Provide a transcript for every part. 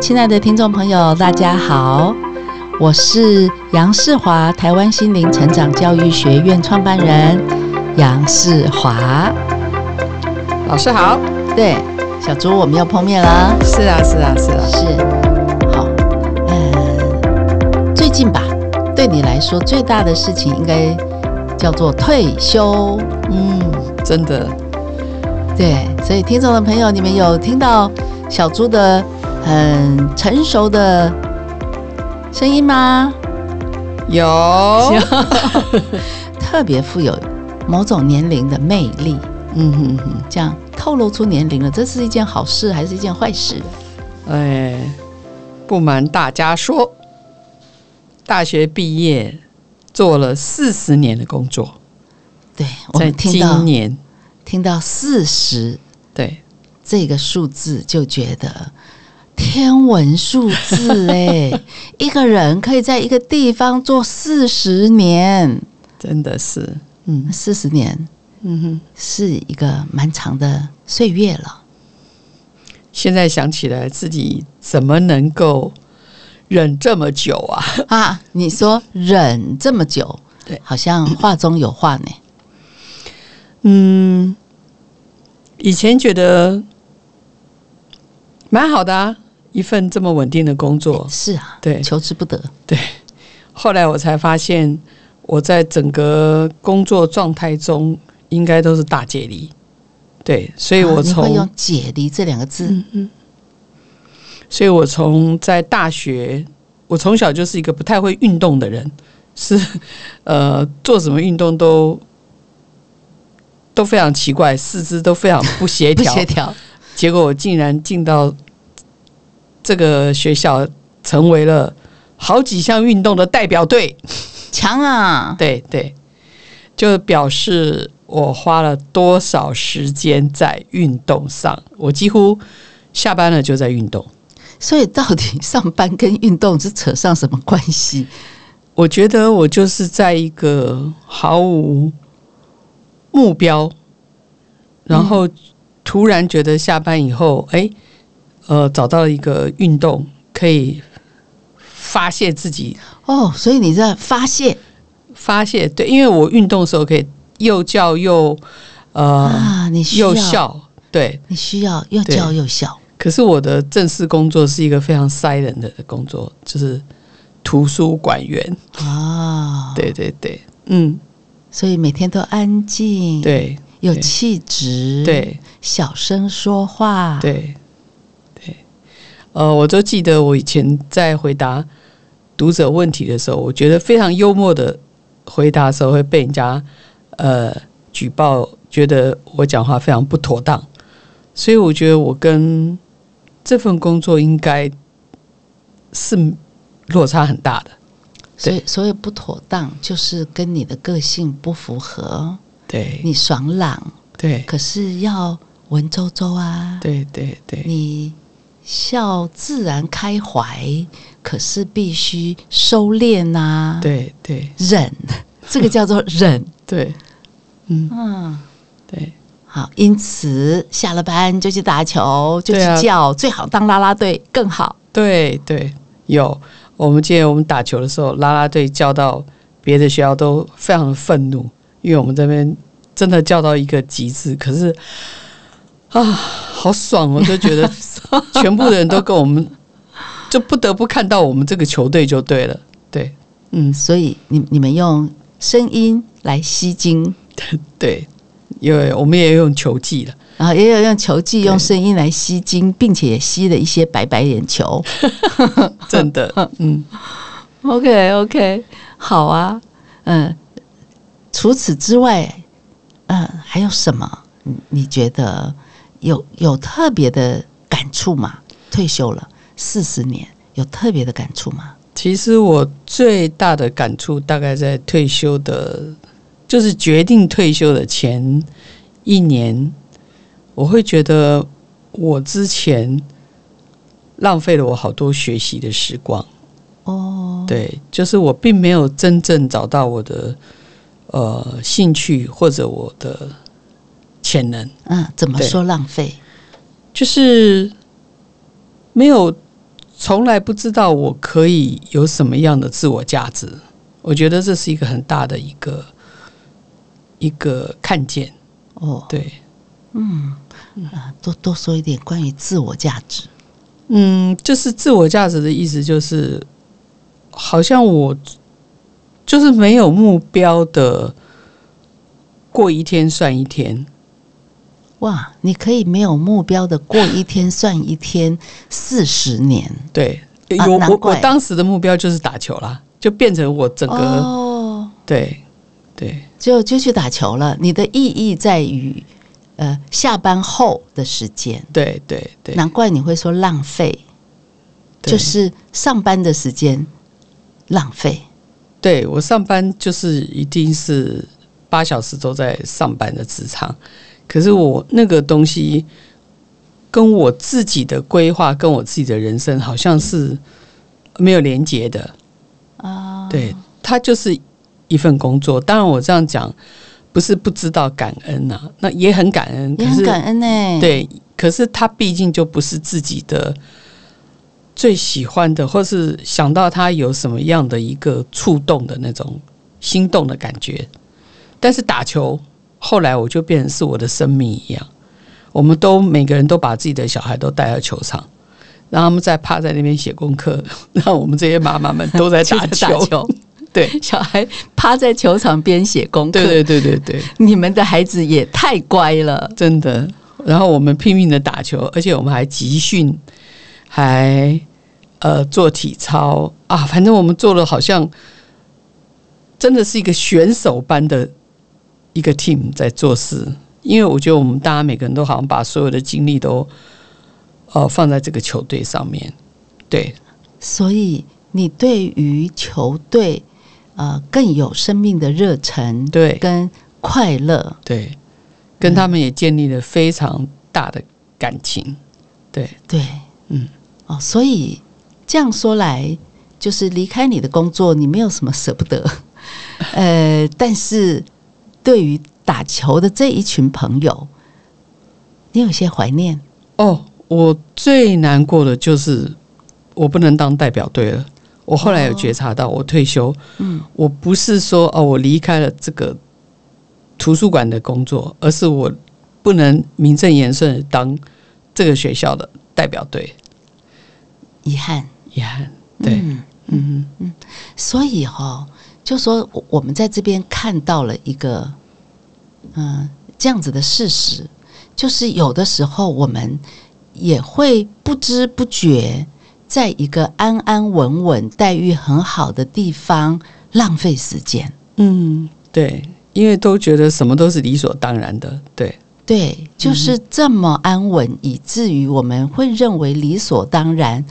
親愛的聽眾朋友，大家好，我是楊世華，台灣心靈成長教育學院創辦人楊世華。老師好。對，小朱，我們要碰面了。是啊，是啊，是啊，是。好，嗯，最近吧，對你來說最大的事情應該叫做退休。嗯，真的。對，所以聽眾的朋友，你們有聽到小朱的？很成熟的聲音嗎？有， 特別富有某種年齡的魅力。嗯，這樣透露出年齡了，這是一件好事，還是一件壞事？哎，不瞞大家說，大學畢業，做了四十年的工作。對，我們聽到今年聽到四十對，對這個數字就覺得。天文數字哎， 一個人可以在一個地方做四十年，真的是，嗯，四十年，嗯哼，是一個蠻長的歲月了。現在想起來，自己怎麼能夠忍這麼久啊？啊，你說忍這麼久， 對，好像話中有話呢。嗯，以前覺得蠻好的啊。一份這麼穩定的工作、欸、是啊，對，求之不得。對，後來我才發現，我在整個工作狀態中應該都是大解離。對，所以我從、啊、你會用“解離”這兩個字、嗯嗯，所以我從在大學，我從小就是一個不太會運動的人，是呃，做什麼運動都都非常奇怪，四肢都非常不協調，不協調。結果我竟然進到。這個學校成為了好幾項運動的代表隊，強啊！對對，就表示我花了多少時間在運動上。我幾乎下班了就在運動，所以到底上班跟運動是扯上什麼關係？我覺得我就是在一個毫無目標，然後突然覺得下班以後，哎。呃，找到一個運動可以發洩自己哦，所以你在發洩發洩。對，因為我運動的時候可以又叫又、呃、啊，你需要又笑。對，你需要又叫又笑。可是我的正式工作是一個非常 silent 的工作，就是圖書館員啊，哦、對對對，嗯，所以每天都安靜，對，有氣質，對，對，小聲說話，對。呃，我都記得我以前在回答讀者問題的時候，我覺得非常幽默的回答的時候會被人家呃舉報，覺得我講話非常不妥當。所以我覺得我跟這份工作應該是落差很大的。所以所以不妥當，就是跟你的個性不符合。對，你爽朗，對，可是要文縐縐啊。對對對，你。笑自然開懷，可是必須收斂吶、啊。對對，忍，這個叫做忍。呵呵對，嗯嗯，對，好。因此，下了班就去打球，就去叫，啊、最好當啦啦隊更好。對對，有。我們今天我們打球的時候，啦啦隊叫到別的學校都非常的憤怒，因為我們這邊真的叫到一個極致。可是。啊，好爽哦！就覺得全部的人都跟我們，就不得不看到我們這個球隊就對了，對，嗯，所以你你們用聲音來吸睛。對，因為我們也有用球技了，然後、啊、也有用球技用聲音來吸睛，對並且也吸了一些白白眼球， 真的，嗯，OK OK，好啊，嗯，除此之外，嗯、呃，還有什麼？你你覺得？有有特別的感觸嗎？退休了四十年，有特別的感觸嗎？其實我最大的感觸，大概在退休的，就是決定退休的前一年，我會覺得我之前浪費了我好多學習的時光。哦，oh. 對，就是我並沒有真正找到我的呃興趣或者我的。潛能，嗯，怎麼說浪費？就是沒有，從來不知道我可以有什麼樣的自我價值。我覺得這是一個很大的一個一個看見。哦，對，嗯，嗯，啊，多多說一點關於自我價值。嗯，就是自我價值的意思，就是好像我就是沒有目標的過一天算一天。哇！你可以沒有目標的過一天算一天，四十、啊、年，對，我我我當時的目標就是打球啦，就變成我整個對、哦、對，對就就去打球了。你的意義在於呃下班後的時間，對對對，難怪你會說浪費，對就是上班的時間浪費。對我上班就是一定是八小時都在上班的職場。可是我那個東西，跟我自己的規劃，跟我自己的人生，好像是沒有連接的啊。Oh. 對，它就是一份工作。當然，我這樣講不是不知道感恩吶、啊，那也很感恩。可是也很感恩哎、欸。對，可是他畢竟就不是自己的最喜歡的，或是想到他有什麼樣的一個觸動的那種心動的感覺。但是打球。後來我就變成是我的生命一樣，我們都每個人都把自己的小孩都帶到球場，讓他們在趴在那邊寫功課，讓我們這些媽媽們都在打球。 打球對，小孩趴在球場邊寫功課。對，對對對對對，你們的孩子也太乖了，真的。然後我們拼命的打球，而且我們還集訓，還呃做體操啊，反正我們做了，好像真的是一個選手般的。一個 team 在做事，因為我覺得我們大家每個人都好像把所有的精力都，呃，放在這個球隊上面，對，所以你對於球隊呃更有生命的熱忱，對，跟快樂，對，嗯，跟他們也建立了非常大的感情，對，對，嗯，哦，所以這樣說來，就是離開你的工作，你沒有什麼捨不得，呃，但是。對於打球的這一群朋友，你有些懷念哦。我最難過的就是我不能當代表隊了。我後來有覺察到，我退休，哦嗯、我不是說哦，我離開了這個圖書館的工作，而是我不能名正言順當這個學校的代表隊。遺憾，遺憾，對，嗯嗯，嗯，所以哈、哦。就說我們在這邊看到了一個，嗯、呃，這樣子的事實，就是有的時候我們也會不知不覺，在一個安安穩穩、待遇很好的地方浪費時間。嗯，對，因為都覺得什麼都是理所當然的。對，對，就是這麼安穩，以至於我們會認為理所當然，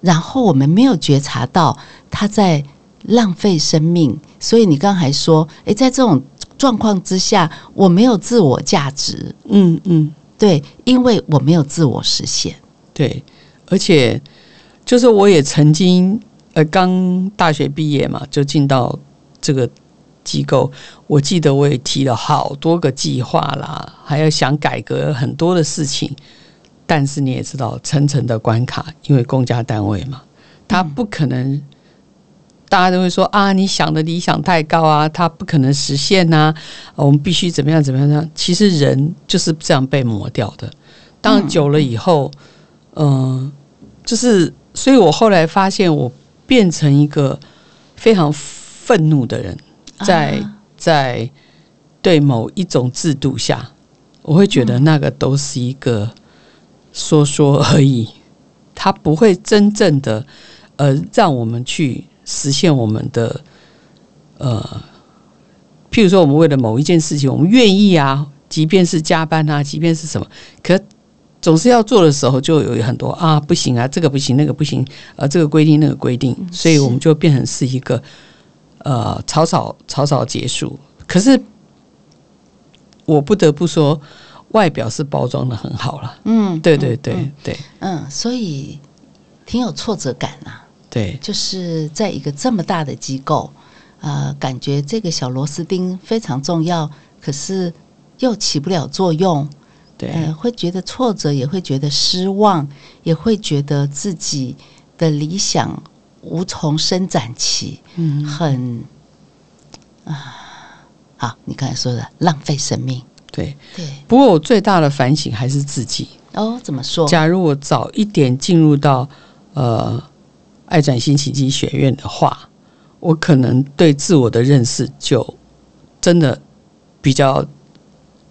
然後我們沒有覺察到他在浪費生命，所以你剛才說，誒、欸，在這種狀況之下，我沒有自我價值。嗯嗯，嗯，對，因為我沒有自我實現。對，而且就是我也曾經，呃，剛大學畢業嘛，就進到這個機構。我記得我也提了好多個計劃啦，還要想改革很多的事情。但是你也知道，層層的關卡，因為公家單位嘛，他不可能。大家都會說啊，你想的理想太高啊，它不可能實現吶、啊。我們必須怎麼樣怎麼樣，其實人就是這樣被磨掉的。當久了以後，嗯、呃，就是，所以我後來發現，我變成一個非常憤怒的人，在、啊、在對某一種制度下，我會覺得那個都是一個說說而已，他不會真正的呃讓我們去。實現我們的呃，譬如說，我們為了某一件事情，我們願意啊，即便是加班啊，即便是什麼，可總是要做的時候，就有很多啊，不行啊，這個不行，那個不行啊、呃，這個規定，那個規定，是所以我們就變成是一個呃草草草草結束。可是我不得不說，外表是包裝的很好了。嗯，對對對對，嗯，嗯，對嗯，所以挺有挫折感吶、啊。對，就是在一個這麼大的機構，呃，感覺這個小螺絲釘非常重要，可是又起不了作用，對、呃，會覺得挫折，也會覺得失望，也會覺得自己的理想無從伸展起，嗯，很啊、呃，好，你剛才說的浪費生命，對對。對。不過我最大的反省還是自己，哦，怎麼說？假如我早一點進入到呃。愛轉心奇蹟學院的話，我可能對自我的認識就真的比較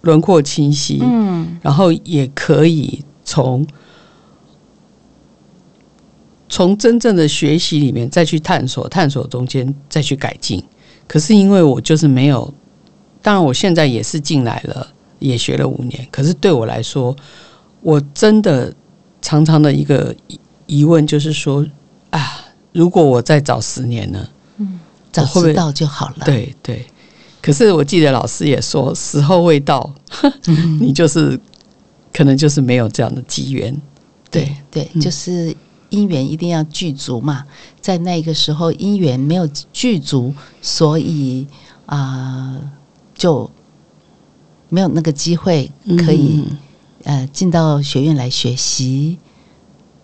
輪廓清晰，嗯，然後也可以從從真正的學習裡面再去探索，探索中間再去改進。可是因為我就是沒有，當然我現在也是進來了，也學了五年，可是對我來說，我真的常常的一個疑問就是說，啊！如果我再早十年呢？嗯，早知道就好了。對對，可是我記得老師也說，時候未到，嗯、你就是可能就是沒有這樣的機緣。對對、對，就是因緣一定要具足嘛，嗯、在那個時候因緣沒有具足，所以啊、呃，就沒有那個機會可以、嗯、呃進到學院來學習。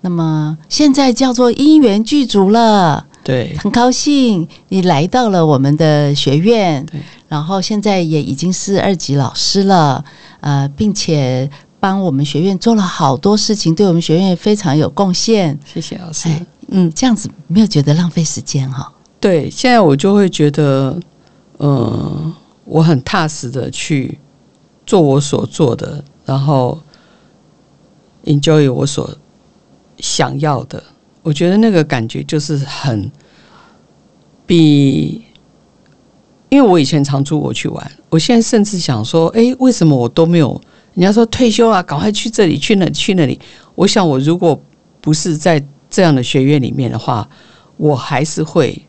那麼現在叫做因緣具足了，對，很高興你來到了我們的學院，對，然後現在也已經是二級老師了，呃，並且幫我們學院做了好多事情，對我們學院也非常有貢獻。謝謝老師，嗯，這樣子沒有覺得浪費時間哈、哦？對，現在我就會覺得，嗯、呃，我很踏實地去做我所做的，然後 enjoy 我所想要的，我覺得那個感覺就是很比，因為我以前常出國去玩，我現在甚至想說，哎、欸，為什麼我都沒有？人家說退休啊，趕快去這裡去那去那裡。我想，我如果不是在這樣的學院裡面的話，我還是會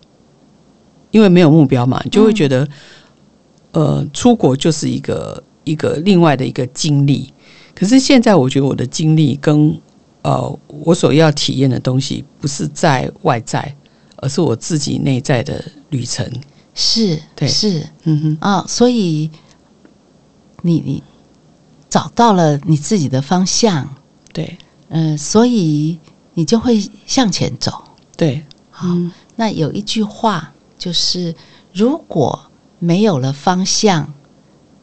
因為沒有目標嘛，就會覺得，嗯、呃，出國就是一個一個另外的一個經歷。可是現在，我覺得我的經歷跟。呃、哦，我所要體驗的東西不是在外在，而是我自己內在的旅程。是，對，是，嗯嗯啊、哦，所以你你找到了你自己的方向，對，嗯、呃，所以你就會向前走。對，好、嗯，那有一句話就是，如果沒有了方向、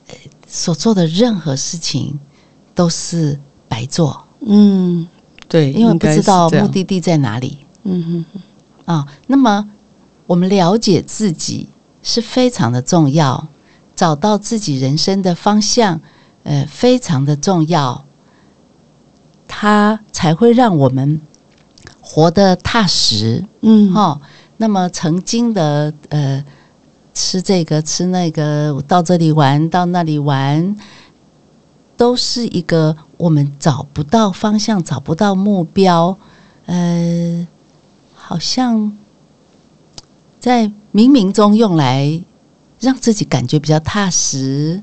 呃，所做的任何事情都是白做。嗯。對，因為我不知道目的地在哪裡。嗯嗯，啊、哦，那麼我們了解自己是非常的重要，找到自己人生的方向，呃，非常的重要，它才會讓我們活得踏實。嗯哼，好、哦，那麼曾經的呃，吃這個吃那個，到這裡玩到那裡玩。都是一個我們找不到方向、找不到目標，呃，好像在冥冥中用來讓自己感覺比較踏實，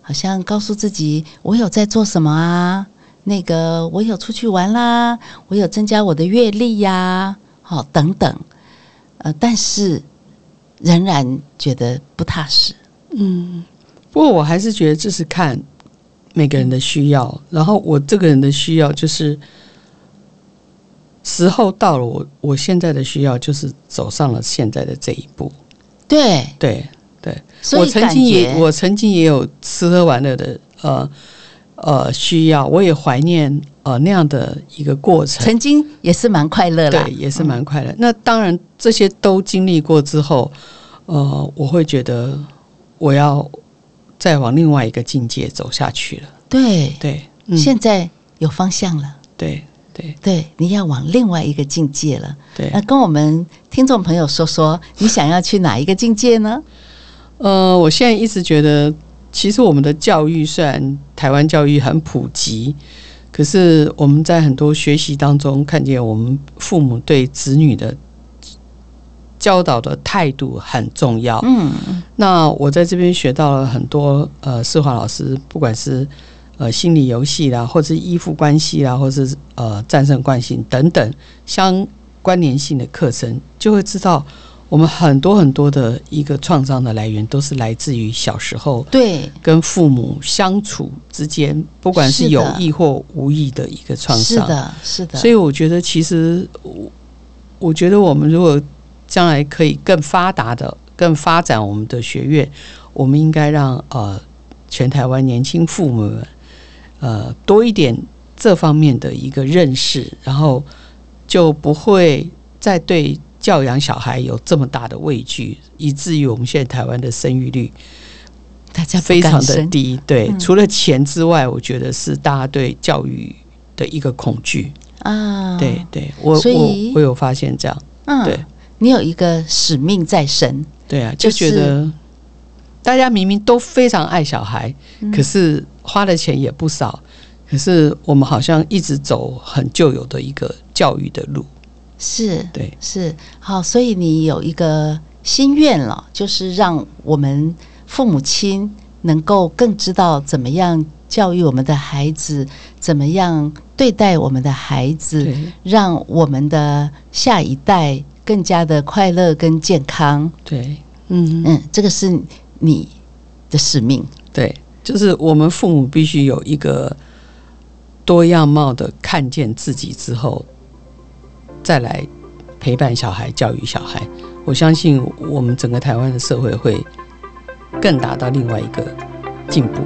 好像告訴自己，我有在做什麼啊，那個我有出去玩啦，我有增加我的閱歷呀、啊，好、哦，等等，呃，但是仍然覺得不踏實。嗯，不過我還是覺得這是看。每個人的需要，然後我這個人的需要就是時候到了我，我我現在的需要就是走上了現在的這一步。對對對，所以我曾經也我曾經也有吃喝玩樂的呃呃需要，我也懷念呃那樣的一個過程，曾經也是蠻快樂的，對，也是蠻快樂。嗯、那當然這些都經歷過之後，呃，我會覺得我要。再往另外一個境界走下去了。對對，對嗯，現在有方向了。對對對，你要往另外一個境界了。對，那跟我們聽眾朋友說說，你想要去哪一個境界呢？ 呃，我現在一直覺得，其實我們的教育雖然台灣教育很普及，可是我們在很多學習當中，看見我們父母對子女的，教導的態度很重要。嗯，那我在這邊學到了很多。呃，世華老師不管是呃心理遊戲啦，或者依附關係啦，或者是呃戰勝慣性等等相關聯性的課程，就會知道我們很多很多的一個創傷的來源都是來自於小時候對跟父母相處之間，對不管是有意或無意的一個創傷，是的，是的。所以我覺得，其實我我覺得我們如果將來可以更發達的、更發展我們的學院，我們應該讓呃全台灣年輕父母們呃多一點這方面的一個認識，然後就不會再對教養小孩有這麼大的畏懼，以至於我們現在台灣的生育率大家非常的低。對，嗯、除了錢之外，我覺得是大家對教育的一個恐懼啊，對，對，對我以我我有發現這樣，嗯、對。你有一個使命在身，對啊，就覺得、就是、大家明明都非常愛小孩，嗯、可是花的錢也不少，可是我們好像一直走很舊有的一個教育的路，是，對，是，好，所以你有一個心願了，就是讓我們父母親能夠更知道怎麼樣教育我們的孩子，怎麼樣對待我們的孩子，對讓我們的下一代。更加的快樂跟健康，對，嗯嗯，這個是你的使命，對，就是我們父母必須有一個多樣貌的看見自己之後，再來陪伴小孩，教育小孩。我相信我們整個台灣的社會會更達到另外一個進步。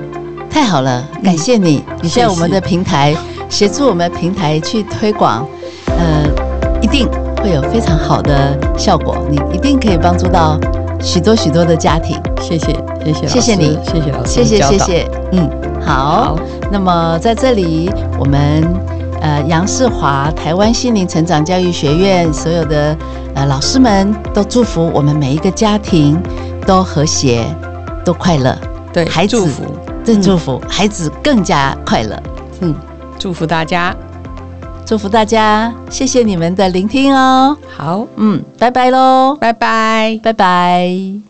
太好了，感謝你，嗯、你現在我們的平台，是協助我們平台去推廣，呃，一定。會有非常好的效果，你一定可以幫助到許多許多的家庭。謝謝，謝謝老師，謝謝你，謝謝老師，謝謝教導。謝謝，謝謝。嗯，好。好，那麼在這裡，我們呃楊世華台灣心靈成長教育學院所有的呃老師們都祝福我們每一個家庭都和諧，都快樂。對，孩子祝福，祝福、嗯、孩子更加快樂。嗯，祝福大家。祝福大家，謝謝你們的聆聽哦。好，嗯，拜拜嘍，拜拜，拜拜。